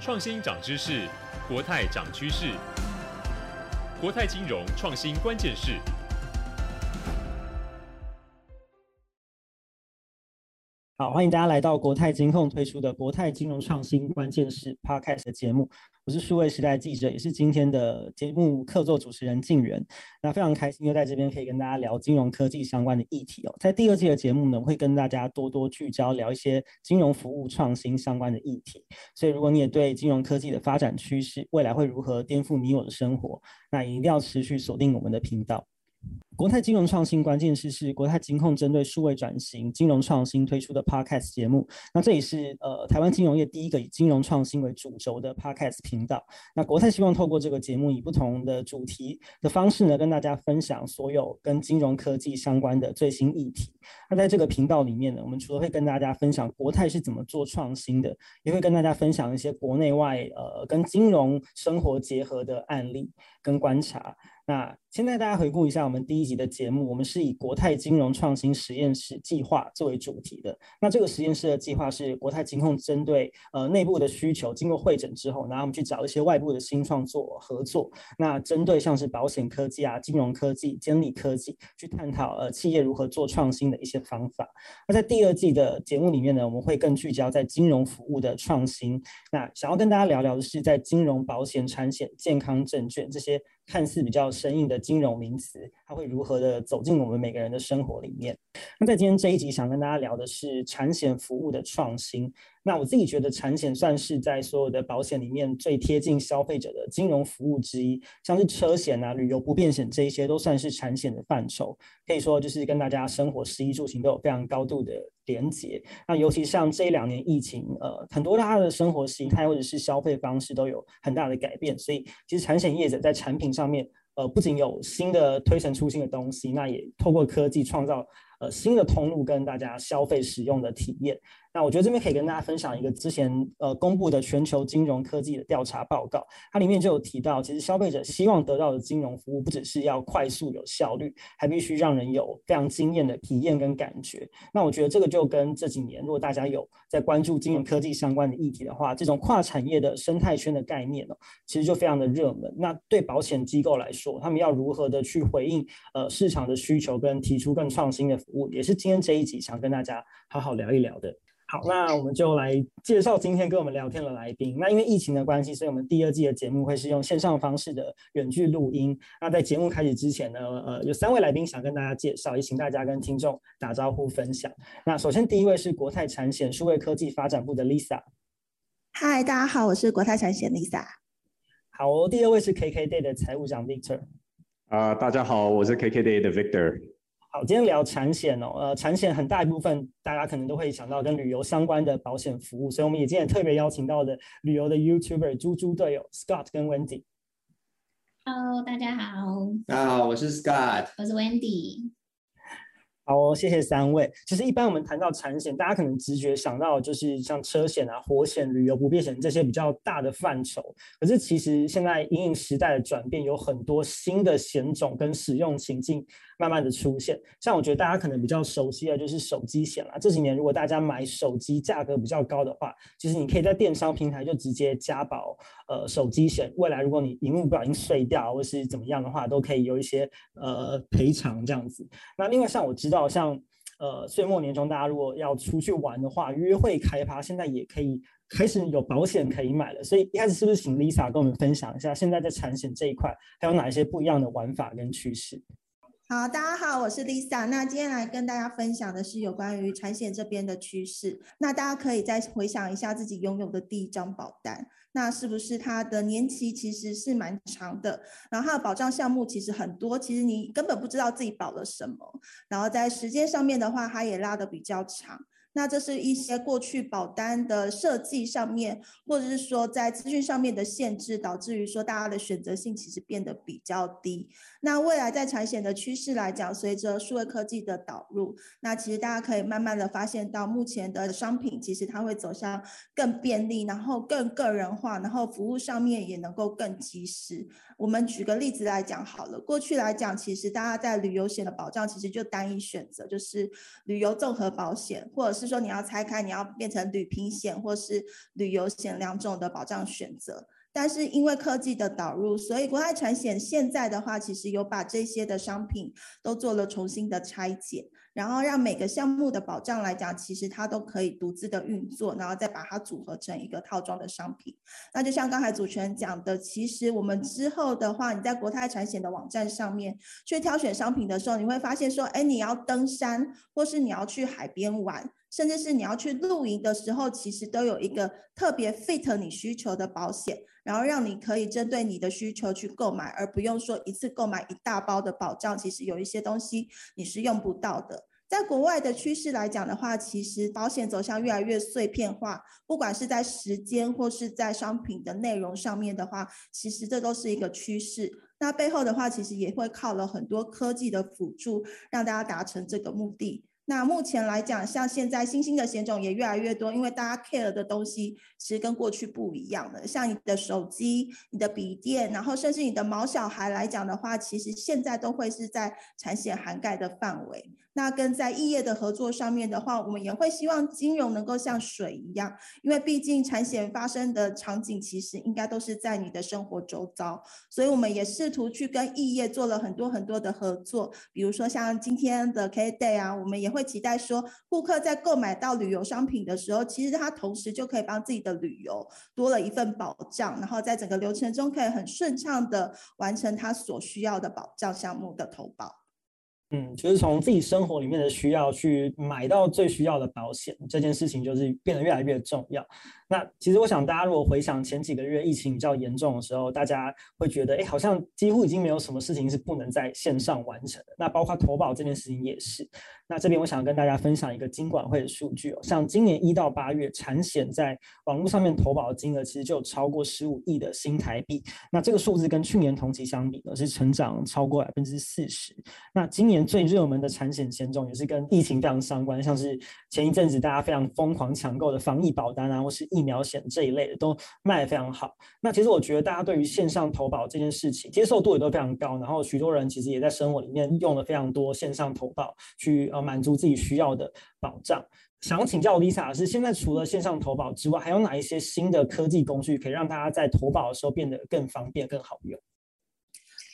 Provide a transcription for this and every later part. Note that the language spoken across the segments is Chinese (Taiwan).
創新漲知識，國泰漲趨勢。國泰金融創新關鍵勢。好，歡迎大家來到國泰金控推出的《國泰金融創新關鍵勢》Podcast 的節目。我是數位時代記者，也是今天的節目客座主持人靜仁。那非常開心又在這邊可以跟大家聊金融科技相關的議題哦。在第二季的節目呢，我會跟大家多多聚焦聊一些金融服務創新相關的議題。所以，如果你也對金融科技的發展趨勢、未來會如何顛覆你我的生活，那一定要持續鎖定我們的頻道。國泰金融創新關鍵勢是國泰金控針對數位轉型、金融創新推出的 Podcast 節目。那這也是呃台灣金融業第一個以金融創新為主軸的 Podcast 頻道。那國泰希望透過這個節目，以不同的主題的方式呢，跟大家分享所有跟金融科技相關的最新議題。那在這個頻道裡面呢，我們除了會跟大家分享國泰是怎麼做創新的，也會跟大家分享一些國內外呃跟金融生活結合的案例跟觀察。那先帶大家回顧一下我們第一集的節目，我們是以國泰金融創新實驗室計劃作為主題的。那這個實驗室的計劃是國泰金控針對呃內部的需求，經過會診之後，然後我們去找一些外部的新創作合作。那針對像是保險科技啊、金融科技、監理科技去探討呃企業如何做創新的一些方法。那在第二季的節目裡面呢，我們會更聚焦在金融服務的創新。那想要跟大家聊聊的是，在金融、保險、產險、健康、證券這些看似比較生硬的金融名詞，它會如何的走進我們每個人的生活裡面？那在今天這一集，想跟大家聊的是產險服務的創新。那我自己覺得，產險算是在所有的保險裡面最貼近消費者的金融服務之一。像是車險啊、旅遊不便險這一些，都算是產險的範疇。可以說，就是跟大家生活食衣住行都有非常高度的連結。那尤其像這一兩年疫情，呃，很多大家的生活形態或者是消費方式都有很大的改變，所以其實產險業者在產品上面，呃，不僅有新的推陳出新的東西，那也透過科技創造。呃，新的通路跟大家消費使用的體驗，那我覺得這邊可以跟大家分享一個之前呃公布的全球金融科技的調查報告，它裡面就有提到，其實消費者希望得到的金融服務，不只是要快速有效率，還必須讓人有非常驚艷的體驗跟感覺。那我覺得這個就跟這幾年，如果大家有在關注金融科技相關的議題的話，這種跨產業的生態圈的概念呢，其實就非常的熱門。那對保險機構來說，他們要如何的去回應呃市場的需求，跟提出更創新的，我也是今天這一集想跟大家好好聊一聊的。好，那我們就來介紹今天跟我們聊天的來賓。那因為疫情的關係，所以我們第二季的節目會是用線上方式的遠距錄音。那在節目開始之前呢，呃，有三位來賓想跟大家介紹，也請大家跟聽眾打招呼、分享。那首先第一位是國泰產險數位科技發展部的 Lisa。嗨，大家好，我是國泰產險 Lisa。好，第二位是 KKday 的財務長 Victor。啊，呃，大家好，我是 KKday 的 Victor。好，今天聊產險哦，呃，產險很大一部分，大家可能都會想到跟旅遊相關的保險服務，所以我們也今天也特別邀請到的旅遊的 YouTuber 豬豬隊友 Scott 跟 Wendy。Hello，大家好。大家好，我是 Scott。我是 Wendy。好哦，謝謝三位。其實一般我們談到產險，大家可能直覺想到就是像車險啊、火險、旅遊不便險這些比較大的範疇，可是其實現在因應時代的轉變，有很多新的險種跟使用情境。慢慢的出現，像我覺得大家可能比較熟悉的，就是手機險啦。這幾年，如果大家買手機價格比較高的話，其實你可以在電商平台就直接加保，呃，手機險。未來如果你屏幕不小心碎掉或是怎麼樣的話，都可以有一些呃賠償這樣子。那另外，像我知道，像呃歲末年終，大家如果要出去玩的話，約會開趴，現在也可以開始有保險可以買了。所以一開始是不是請 Lisa 跟我們分享一下，現在在產險這一塊還有哪一些不一樣的玩法跟趨勢？好，大家好，我是 Lisa。那今天來跟大家分享的是有關於產險這邊的趨勢。那大家可以再回想一下自己擁有的第一張保單，那是不是它的年期其實是蠻長的？然後它的保障項目其實很多，其實你根本不知道自己保了什麼。然後在時間上面的話，它也拉得比較長。那這是一些過去保單的設計上面，或者是說在資訊上面的限制，導致於說大家的選擇性其實變得比較低。那未來在產險的趨勢來講，隨着數位科技的導入，那其實大家可以慢慢的發現到，目前的商品其實它會走向更便利，然後更個人化，然後服務上面也能夠更及時。我們舉個例子來講好了。過去來講，其實大家在旅遊險的保障其實就單一選擇，就是旅遊綜合保險，或者是說你要拆開，你要變成旅平險或是旅遊險兩種的保障選擇。但是因為科技的導入，所以國泰產險現在的話，其實有把這些的商品都做了重新的拆解，然後讓每個項目的保障來講，其實它都可以獨自的運作，然後再把它組合成一個套裝的商品。那就像剛才主持人講的，其實我們之後的話，你在國泰產險的網站上面去挑選商品的時候，你會發現說，哎，你要登山，或是你要去海邊玩。甚至是你要去露營的時候，其實都有一個特別 fit 你需求的保險，然後讓你可以針對你的需求去購買，而不用說一次購買一大包的保障。其實有一些東西你是用不到的。在國外的趨勢來講的話，其實保險走向越來越碎片化，不管是在時間或是在商品的內容上面的話，其實這都是一個趨勢。那背後的話，其實也會靠了很多科技的輔助，讓大家達成這個目的。那目前來講，像現在新興的險種也越來越多，因為大家 care 的東西其實跟過去不一樣了。像你的手機、你的筆電，然後甚至你的毛小孩來講的話，其實現在都會是在產險涵蓋的範圍。那跟在異業的合作上面的話，我們也會希望金融能夠像水一樣，因為畢竟產險發生的場景其實應該都是在你的生活周遭，所以我們也試圖去跟異業做了很多很多的合作，比如說像今天的 KKday 啊，我們也會。會期待說，顧客在購買到旅遊商品的時候，其實他同時就可以幫自己的旅遊多了一份保障，然後在整個流程中可以很順暢的完成他所需要的保障項目的投保。嗯，就是從自己生活裡面的需要去買到最需要的保險，這件事情就是變得越來越重要。那其實我想，大家如果回想前幾個月疫情比較嚴重的時候，大家會覺得，哎，好像幾乎已經沒有什麼事情是不能在線上完成的。那包括投保這件事情也是。那這邊我想跟大家分享一個金管會的數據哦，像今年一到八月產險在網絡上面投保的金額，其實就有超過十五億的新台幣。那這個數字跟去年同期相比呢，是成長超過百分之四十。那今年最熱門的產險險種也是跟疫情非常相關，像是前一陣子大家非常瘋狂搶購的防疫保單啊，或是疫疫苗險這一類的都賣得非常好。那其實我覺得大家對於線上投保這件事情接受度也都非常高。然後許多人其實也在生活裡面用了非常多線上投保去，去呃滿足自己需要的保障。想要請教 Lisa 老師，現在除了線上投保之外，還有哪一些新的科技工具可以讓大家在投保的時候變得更方便、更好用？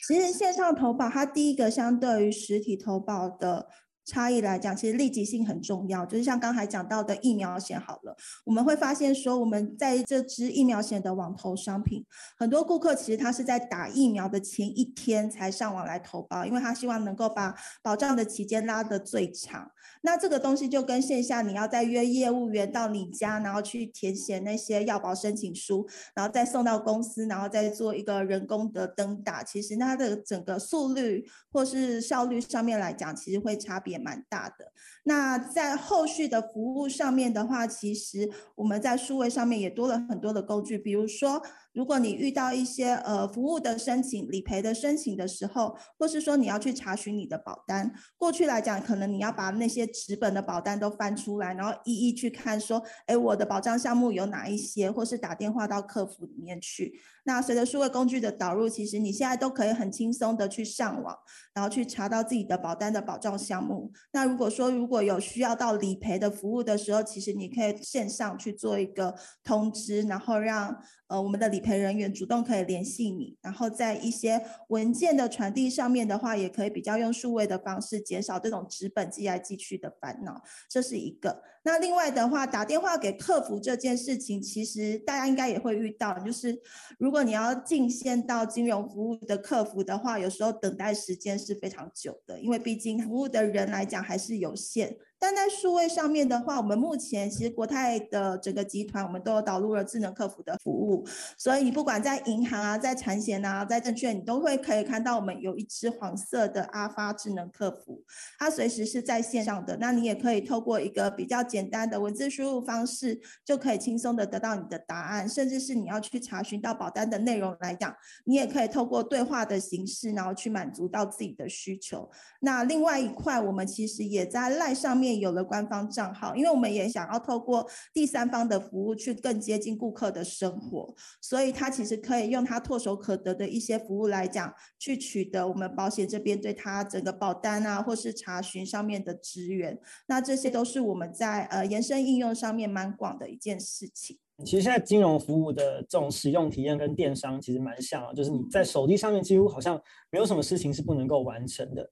其實線上投保，它第一個相對於實體投保的。差異來講，其實立即性很重要。就是像剛才講到的疫苗險好了，我們會發現說，我們在這支疫苗險的網投商品，很多顧客其實他是在打疫苗的前一天才上網來投保，因為他希望能夠把保障的期間拉得最長。那這個東西就跟線下你要再約業務員到你家，然後去填寫那些要保申請書，然後再送到公司，然後再做一個人工的登打，其實它的整個速率或是效率上面來講，其實會差別。蠻大的。那在後續的服務上面的話，其實我們在數位上面也多了很多的工具。比如說，如果你遇到一些呃服務的申請、理賠的申請的時候，或是說你要去查詢你的保單，過去來講，可能你要把那些紙本的保單都翻出來，然後一一去看說，哎、欸，我的保障項目有哪一些，或是打電話到客服裡面去。那隨着數位工具的導入，其實你現在都可以很輕鬆的去上網，然後去查到自己的保單的保障項目。那如果說如果有需要到理賠的服務的時候，其實你可以線上去做一個通知，然後讓呃我們的理賠人員主動可以聯繫你，然後在一些文件的傳遞上面的話，也可以比較用數位的方式減少這種紙本寄來寄去的煩惱。這是一個。那另外的話，打電話給客服這件事情，其實大家應該也會遇到，就是如果你要進線到金融服務的客服的話，有時候等待時間是非常久的，因為畢竟服務的人來講還是有限。但在數位上面的話，我們目前其實國泰的整個集團，我們都有導入了智能客服的服務，所以你不管在銀行啊，在產險啊，在證券，你都會可以看到我們有一支黃色的阿發智能客服，它隨時是在線上的。那你也可以透過一個比較簡單的文字輸入方式，就可以輕鬆的得到你的答案，甚至是你要去查詢到保單的內容來講，你也可以透過對話的形式，然後去滿足到自己的需求。那另外一塊，我們其實也在 LINE 上面。有了官方賬號，因為我們也想要透過第三方的服務去更接近顧客的生活，所以他其實可以用他唾手可得的一些服務來講，去取得我們保險這邊對他整個保單啊，或是查詢上面的資源。那這些都是我們在呃延伸應用上面蠻廣的一件事情。其實現在金融服務的這種使用體驗跟電商其實蠻像啊，就是你在手機上面幾乎好像沒有什麼事情是不能夠完成的。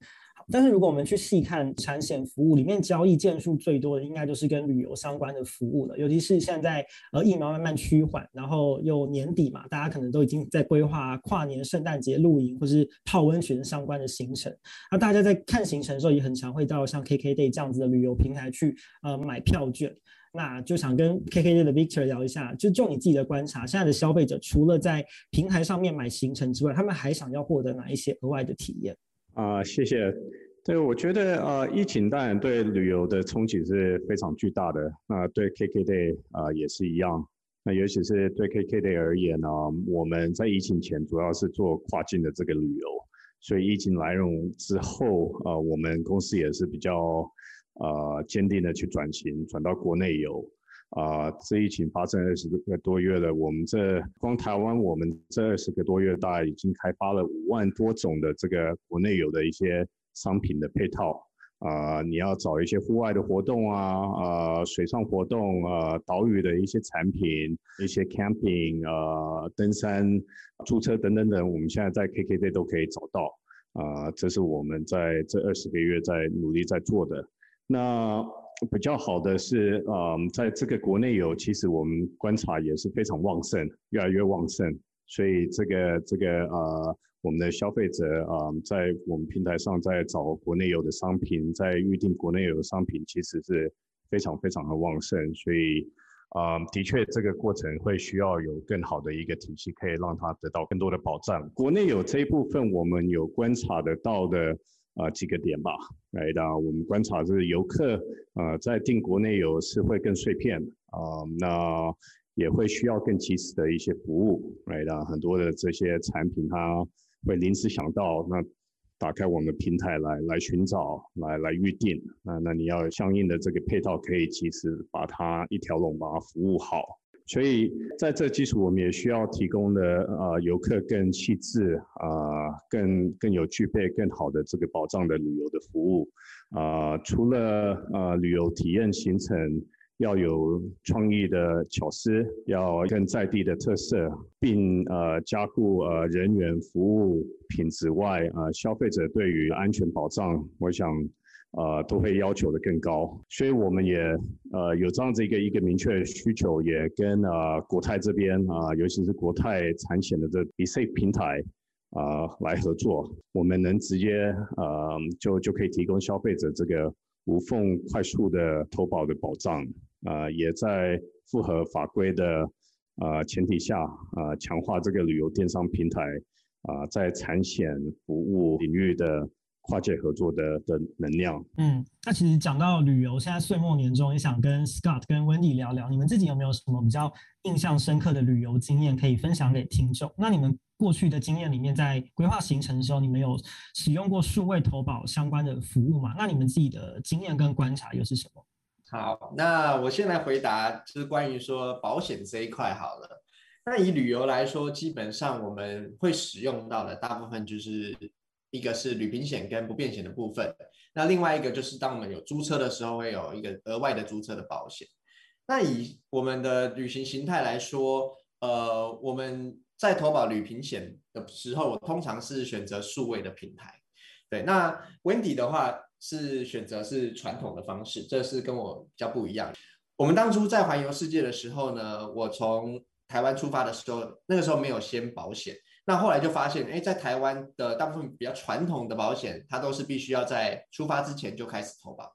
但是如果我們去細看產險服務裡面交易件數最多的，應該就是跟旅遊相關的服務了。尤其是現在呃疫苗慢慢趨緩，然後又年底嘛，大家可能都已經在規劃跨年、聖誕節、露營或是泡溫泉相關的行程。那、啊、大家在看行程的時候，也很常會到像 KKday 這樣子的旅遊平台去呃買票券。那就想跟 KKday 的 Victor 聊一下，就就你自己的觀察，現在的消費者除了在平台上面買行程之外，他們還想要獲得哪一些額外的體驗？啊、呃，謝謝。對，我覺得呃疫情當然對旅遊的衝擊是非常巨大的。那、呃、對 KKday 啊、呃、也是一樣。那尤其是對 KKday 而言呢、呃，我們在疫情前主要是做跨境的這個旅遊，所以疫情來龍之後，呃，我們公司也是比較呃堅定的去轉型，轉到國內遊。啊、呃，這疫情發生二十多個多月了。我們這光台灣，我們這二十個多月大概已經開發了五萬多種的這個國內有的一些商品的配套。啊、呃，你要找一些戶外的活動啊，啊、呃，水上活動啊、呃，島嶼的一些產品，一些 camping 啊、呃，登山、租車等等等，我們現在在 KKday 都可以找到。啊、呃，這是我們在這二十個月在努力在做的。那。比較好的是，嗯，在這個國內遊，其實我們觀察也是非常旺盛，越來越旺盛。所以這個這個呃，我們的消費者啊、呃，在我們平台上在找國內遊的商品，在預定國內遊的商品，其實是非常非常的旺盛。所以啊、呃，的確這個過程會需要有更好的一個體系，可以讓他得到更多的保障。國內遊這一部分，我們有觀察得到的。啊、呃，幾個點吧，right？我們觀察就是遊客，呃，在定國內遊是會更碎片，啊、呃，那也會需要更及時的一些服務，right？很多的這些產品，它會臨時想到，那打開我們平台來來尋找，來來預定。那那你要有相應的這個配套，可以及時把它一條龍把它服務好。所以，在這基礎，我們也需要提供的呃遊客更細緻啊，更更有具備更好的這個保障的旅遊的服務啊，除了呃旅遊體驗行程要有創意的巧思，要更在地的特色，並呃加固呃人員服務品質外，呃消費者對於安全保障，我想。呃，都會要求的更高，所以我們也呃有這樣子一個一個明確的需求，也跟啊、呃、國泰這邊啊、呃，尤其是國泰產險的這 B-Safe 平臺啊、呃、來合作，我們能直接呃就就可以提供消費者這個無縫快速的投保的保障啊、呃，也在符合法規的啊、呃、前提下啊、呃、強化這個旅遊電商平臺啊、呃、在產險服務領域的跨界合作的的能量。嗯，那其實講到旅遊，現在歲末年終，也想跟 Scott、跟 Wendy 聊聊，你們自己有沒有什麼比較印象深刻的旅遊經驗可以分享給聽眾？那你們過去的經驗裡面，在規劃行程的時候，你們有使用過數位投保相關的服務嗎？那你們自己的經驗跟觀察又是什麼？好，那我先來回答，就是關於說保險這一塊好了。那以旅遊來說，基本上我們會使用到的大部分就是。一個是旅平險跟不便險的部分，那另外一個就是當我們有租車的時候，會有一個額外的租車的保險。那以我們的旅行形態來說，呃，我們在投保旅平險的時候，我通常是選擇數位的平台。對，那 Wendy 的話是選擇是傳統的方式，這是跟我比較不一樣。我們當初在環遊世界的時候呢，我從台灣出發的時候，那個時候沒有先保險。那後來就發現，哎，在台灣的大部分比較傳統的保險，它都是必須要在出發之前就開始投保。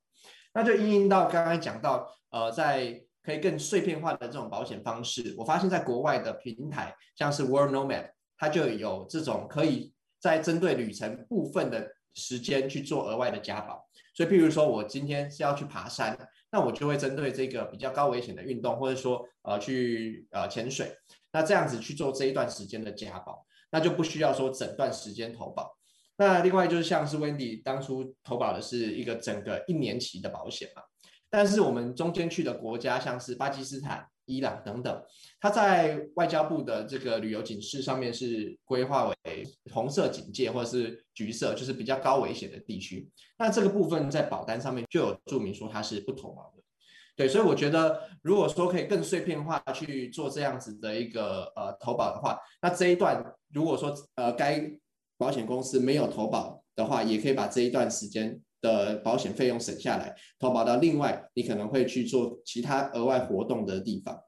那就應用到剛剛講到，呃，在可以更碎片化的這種保險方式，我發現在國外的平台，像是 World Nomad，它就有這種可以在針對旅程部分的時間去做額外的加保。所以，譬如說我今天是要去爬山，那我就會針對這個比較高危險的運動，或者說呃去呃潛水，那這樣子去做這一段時間的加保。那就不需要說整段時間投保。那另外就是像是 Wendy 當初投保的是一個整個一年期的保險嘛，但是我們中間去的國家像是巴基斯坦、伊朗等等，它在外交部的這個旅遊警示上面是規劃為紅色警戒或者是橘色，就是比較高危險的地區。那這個部分在保單上面就有注明說它是不投保的。對，所以我覺得如果說可以更碎片化去做這樣子的一個呃投保的話，那這一段。如果說呃，該保險公司沒有投保的話，也可以把這一段時間的保險費用省下來，投保到另外你可能會去做其他額外活動的地方。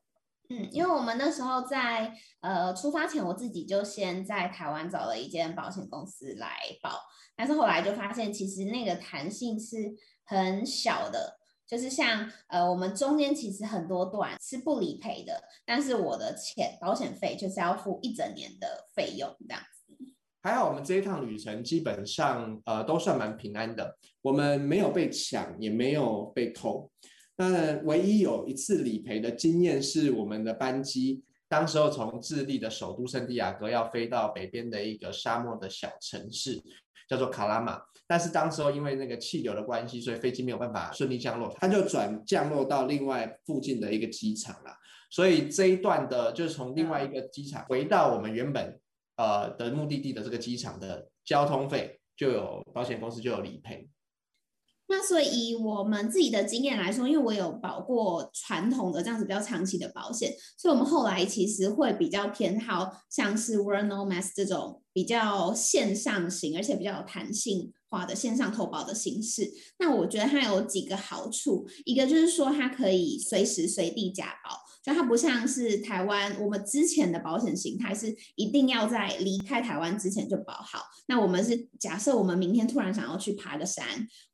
嗯，因為我們那時候在呃出發前，我自己就先在台灣找了一間保險公司來保，但是後來就發現其實那個彈性是很小的。就是像呃，我們中間其實很多段是不理賠的，但是我的錢保險費就是要付一整年的費用這樣子。還好我們這一趟旅程基本上呃都算蠻平安的，我們沒有被搶也沒有被偷。那唯一有一次理賠的經驗是，我們的班機當時候從智利的首都聖地亞哥要飛到北邊的一個沙漠的小城市，叫做卡拉馬。但是當時候因為那個氣流的關係，所以飛機沒有辦法順利降落，它就轉降落到另外附近的一個機場了。所以這一段的，就是從另外一個機場回到我們原本呃的目的地的這個機場的交通費，就有保險公司就有理賠。那所以以我們自己的經驗來說，因為我有保過傳統的這樣子比較長期的保險，所以我們後來其實會比較偏好像是 Wernomass 這種比較線上型，而且比較有彈性。化的線上投保的形式，那我覺得它有幾個好處，一個就是說它可以隨時隨地加保。那它不像是台灣，我們之前的保險形態是一定要在離開台灣之前就保好。那我們是假設我們明天突然想要去爬個山，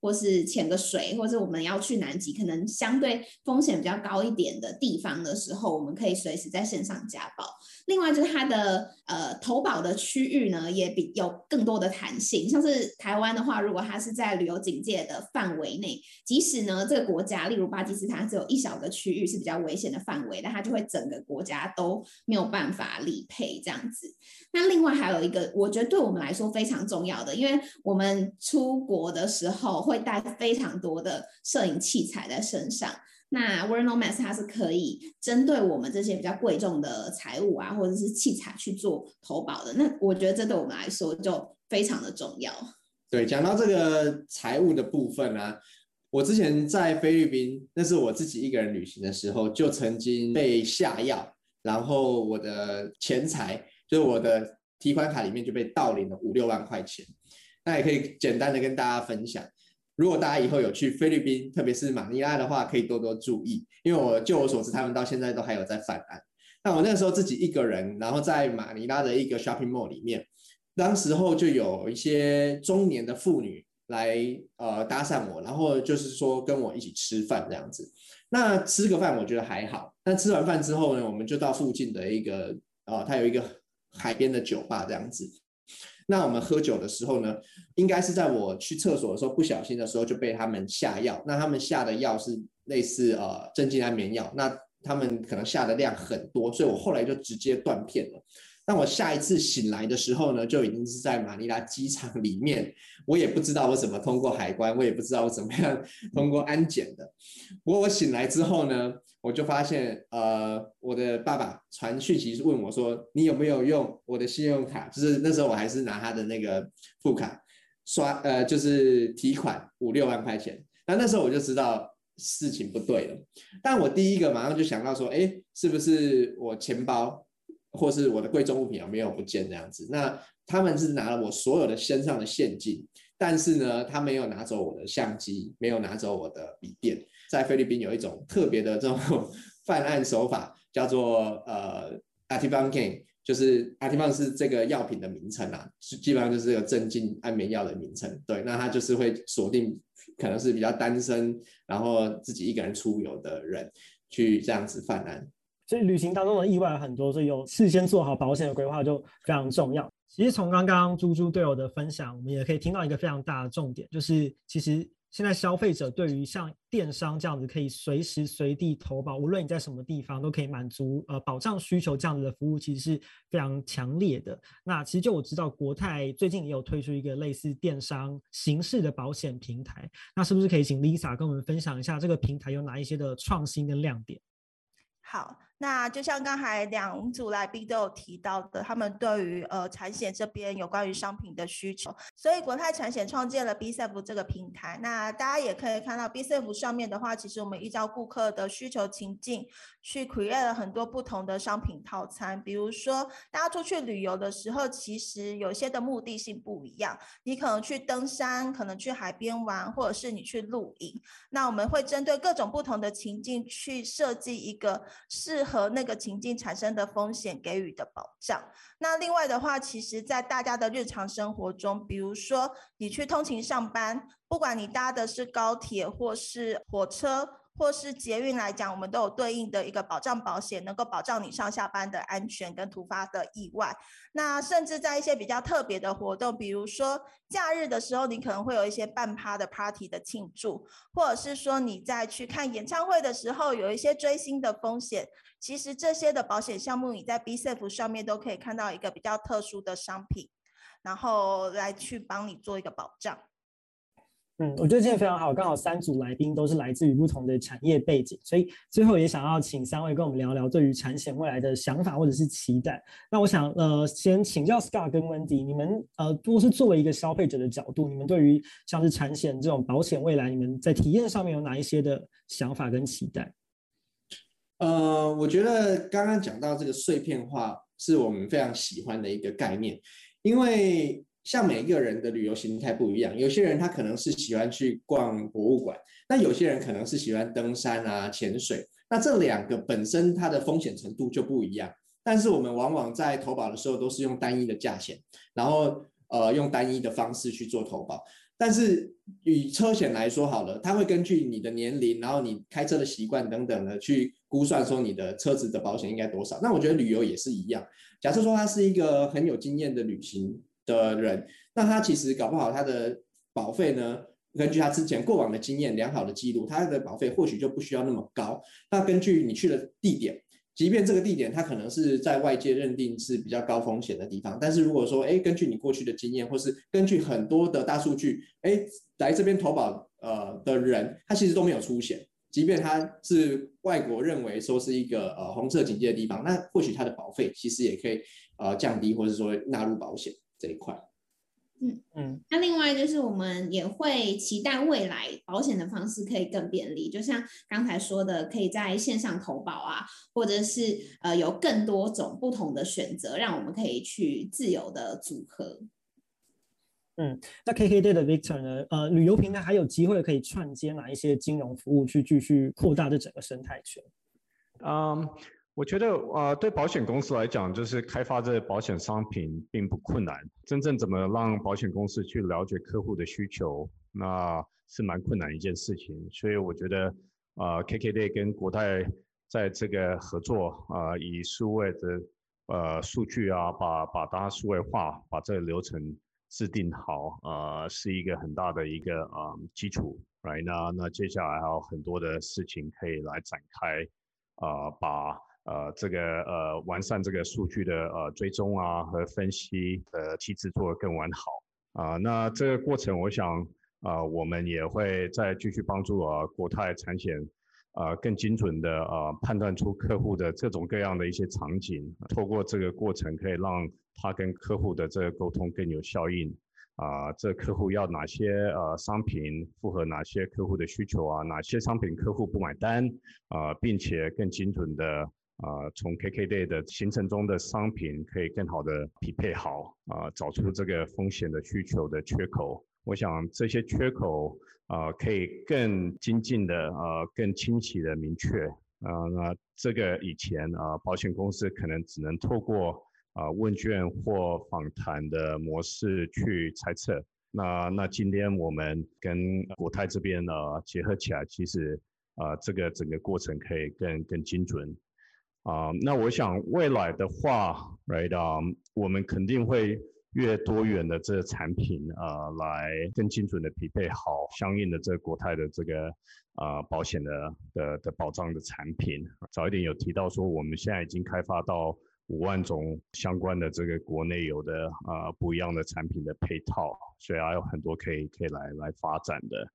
或是潛個水，或是我們要去南極，可能相對風險比較高一點的地方的時候，我們可以隨時在線上加保。另外就是它的呃投保的區域呢，也比有更多的彈性。像是台灣的話，如果它是在旅遊警戒的範圍內，即使呢這個國家，例如巴基斯坦，只有一小個區域是比較危險的範圍。那它就會整個國家都沒有辦法理賠這樣子。那另外還有一個，我覺得對我們來說非常重要的，因為我們出國的時候會帶非常多的攝影器材在身上。那 World Nomads 它是可以針對我們這些比較貴重的財物啊，或者是器材去做投保的。那我覺得這對我們來說就非常的重要。對，講到這個財務的部分呢、啊。我之前在菲律賓，那是我自己一個人旅行的時候，就曾經被下藥，然後我的錢財，就是我的提款卡裡面就被盜領了五六萬塊錢。那也可以簡單的跟大家分享，如果大家以後有去菲律賓，特別是馬尼拉的話，可以多多注意，因為我就我所知，他們到現在都還有在犯案。那我那時候自己一個人，然後在馬尼拉的一個 shopping mall 裡面，當時候就有一些中年的婦女。來呃搭訕我，然後就是說跟我一起吃飯這樣子。那吃個飯我覺得還好，但吃完飯之後呢，我們就到附近的一個呃，他有一個海邊的酒吧這樣子。那我們喝酒的時候呢，應該是在我去廁所的時候不小心的時候就被他們下藥。那他們下的藥是類似呃鎮靜安眠藥，那他們可能下的量很多，所以我後來就直接斷片了。那我下一次醒來的時候呢，就已經是在馬尼拉機場裡面。我也不知道我怎麼通過海關，我也不知道我怎麼樣通過安檢的。不過我醒來之後呢，我就發現，呃，我的爸爸傳訊息問我說：“你有沒有用我的信用卡？”就是那時候我還是拿他的那個副卡刷，呃，就是提款五六萬塊錢。那那時候我就知道事情不對了。但我第一個馬上就想到說：“哎，是不是我錢包？”或是我的貴重物品有沒有不見這樣子？那他們是拿了我所有的身上的現金，但是呢，他沒有拿走我的相機，沒有拿走我的筆電。在菲律賓有一種特別的這種犯案手法，叫做呃 Ativan Gang 就是 Ativan 是這個藥品的名稱啊，基本上就是個鎮靜安眠藥的名稱。對，那他就是會鎖定可能是比較單身，然後自己一個人出遊的人去這樣子犯案。所以旅行當中的意外很多，所以有事先做好保險的規劃就非常重要。其實從剛剛豬豬隊友的分享，我們也可以聽到一個非常大的重點，就是其實現在消費者對於像電商這樣子可以隨時隨地投保，無論你在什麼地方都可以滿足呃保障需求這樣子的服務，其實是非常強烈的。那其實就我知道，國泰最近也有推出一個類似電商形式的保險平台，那是不是可以請 Lisa 跟我們分享一下這個平台有哪一些的創新跟亮點？好。那就像剛才兩組來賓都有提到的，他們對於呃產險這邊有關於商品的需求，所以國泰產險創建了 B Safe 這個平台。那大家也可以看到 B Safe 上面的話，其實我們依照顧客的需求情境，去 create 了很多不同的商品套餐。比如說，大家出去旅遊的時候，其實有些的目的性不一樣，你可能去登山，可能去海邊玩，或者是你去露營。那我們會針對各種不同的情境去設計一個適和那個情境產生的風險給予的保障。那另外的話，其實，在大家的日常生活中，比如說你去通勤上班，不管你搭的是高鐵或是火車。或是捷運來講，我們都有對應的一個保障保險，能夠保障你上下班的安全跟突發的意外。那甚至在一些比較特別的活動，比如說假日的時候，你可能會有一些半趴的 party 的慶祝，或者是說你在去看演唱會的時候，有一些追星的風險。其實這些的保險項目，你在 BeSafe 上面都可以看到一個比較特殊的商品，然後來去幫你做一個保障。嗯，我覺得這個非常好，剛好三組來賓都是來自於不同的產業背景，所以最後也想要請三位跟我們聊聊對於產險未來的想法或者是期待。那我想，呃，先請教 Scott 跟 Wendy，你們呃，如果是作為一個消費者的角度，你們對於像是產險這種保險未來，你們在體驗上面有哪一些的想法跟期待？呃，我覺得剛剛講到這個碎片化，是我們非常喜歡的一個概念，因為像每個人的旅遊形態不一樣，有些人他可能是喜歡去逛博物館，那有些人可能是喜歡登山啊、潛水，那這兩個本身它的風險程度就不一樣。但是我們往往在投保的時候都是用單一的價錢，然後呃用單一的方式去做投保。但是以車險來說好了，它會根據你的年齡，然後你開車的習慣等等的去估算說你的車子的保險應該多少。那我覺得旅遊也是一樣，假設說它是一個很有經驗的旅行。的人，那他其實搞不好他的保費呢，根據他之前過往的經驗、良好的記錄，他的保費或許就不需要那麼高。那根據你去的地點，即便這個地點他可能是在外界認定是比較高風險的地方，但是如果說哎、欸，根據你過去的經驗，或是根據很多的大數據，哎、欸，來這邊投保呃的人，他其實都沒有出險，即便他是外國認為說是一個呃紅色警戒的地方，那或許他的保費其實也可以呃降低，或者說納入保險。這一塊，嗯嗯，那另外就是我們也會期待未來保險的方式可以更便利，就像剛才說的，可以在線上投保啊，或者是呃有更多種不同的選擇，讓我們可以去自由的組合。嗯，那 KKday 的 Victor 呢？呃，旅遊平台還有機會可以串接哪一些金融服務去繼續擴大這整個生態圈？嗯、um。我覺得啊、呃，對保險公司來講，就是開發這保險商品並不困難。真正怎麼讓保險公司去了解客戶的需求，那、呃、是蠻困難一件事情。所以我覺得啊、呃、，KKday 跟國泰在這個合作啊、呃，以數位的呃數據啊，把把大數位化，把這個流程制定好啊、呃，是一個很大的一個啊、呃、基礎。Right？那那接下來還有很多的事情可以來展開啊、呃，把。呃，這個呃，完善這個數據的呃追蹤啊和分析呃，機制做得更完好啊、呃。那這個過程，我想啊、呃，我們也會再繼續幫助啊國泰產險啊、呃、更精準的啊判斷出客戶的各種各樣的一些場景，透過這個過程，可以讓他跟客戶的這個溝通更有效應啊、呃。這客戶要哪些呃商品符合哪些客戶的需求啊？哪些商品客戶不買單啊、呃？並且更精準的。啊、呃，從 KKday 的行程中的商品可以更好的匹配好啊、呃，找出這個風險的需求的缺口。我想這些缺口啊、呃，可以更精進的啊、呃，更清晰的明確啊、呃。那這個以前啊、呃，保險公司可能只能透過啊、呃、問卷或訪談的模式去猜測。那那今天我們跟國泰這邊呢、呃、結合起來，其實啊、呃，這個整個過程可以更更精準。啊、um,，那我想未來的話，Right，、um, 我們肯定會越多元的這個產品啊、呃，來更精準的匹配好相應的這個國泰的這個啊、呃、保險的的的保障的產品。早一點有提到說，我們現在已經開發到五萬種相關的這個國內有的啊、呃、不一樣的產品的配套，所以還有很多可以可以來來發展的。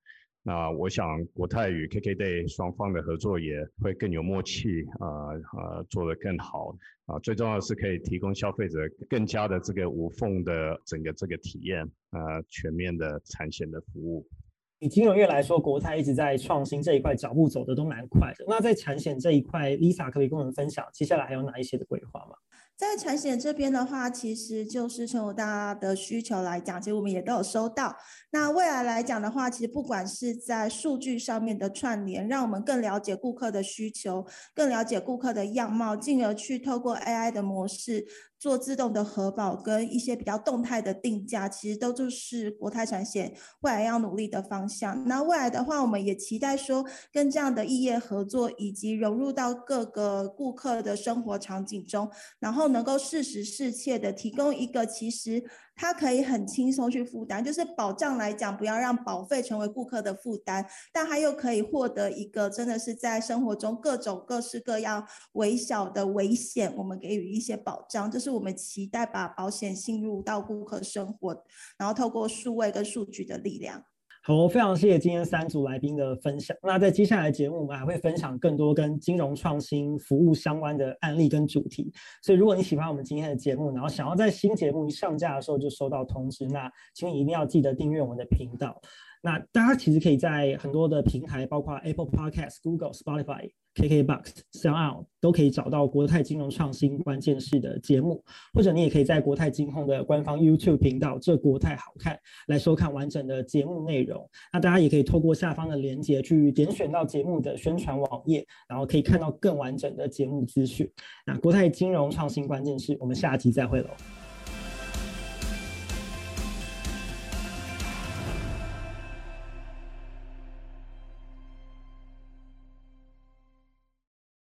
那我想，國泰與 KKday 雙方的合作也會更有默契，啊、呃、啊、呃，做得更好，啊，最重要的是可以提供消費者更加的這個無縫的整個這個體驗，啊、呃，全面的產險的服務。以金融業來說，國泰一直在創新這一塊，腳步走得都蠻快的。那在產險這一塊，Lisa 可以跟我們分享接下來還有哪一些的規劃嗎？在產險這邊的話，其實就是從大家的需求來講，其實我們也都有收到。那未來來講的話，其實不管是在數據上面的串聯，讓我們更了解顧客的需求，更了解顧客的樣貌，進而去透過 AI 的模式。做自動的核保跟一些比較動態的定價，其實都就是國泰產險未來要努力的方向。那未來的話，我們也期待說跟這樣的異業合作，以及融入到各個顧客的生活場景中，然後能夠適時適切的提供一個其實。它可以很輕鬆去負擔，就是保障來講，不要讓保費成為顧客的負擔，但他又可以獲得一個真的是在生活中各種各式各樣微小的危險，我們給予一些保障，就是我們期待把保險進入到顧客生活，然後透過數位跟數據的力量。好，非常謝謝今天三組來賓的分享。那在接下來的節目，我們還會分享更多跟金融創新服務相關的案例跟主題。所以，如果你喜歡我們今天的節目，然後想要在新節目一上架的時候就收到通知，那請你一定要記得訂閱我們的頻道。那大家其實可以在很多的平台，包括 Apple Podcast、Google、Spotify、KKBox、SoundOn 都可以找到國泰金融創新關鍵勢的節目。或者你也可以在國泰金控的官方 YouTube 頻道“這國泰好看”來收看完整的節目內容。那大家也可以透過下方的連結去點選到節目的宣傳網頁，然後可以看到更完整的節目資訊。那國泰金融創新關鍵勢，我們下集再會嘍。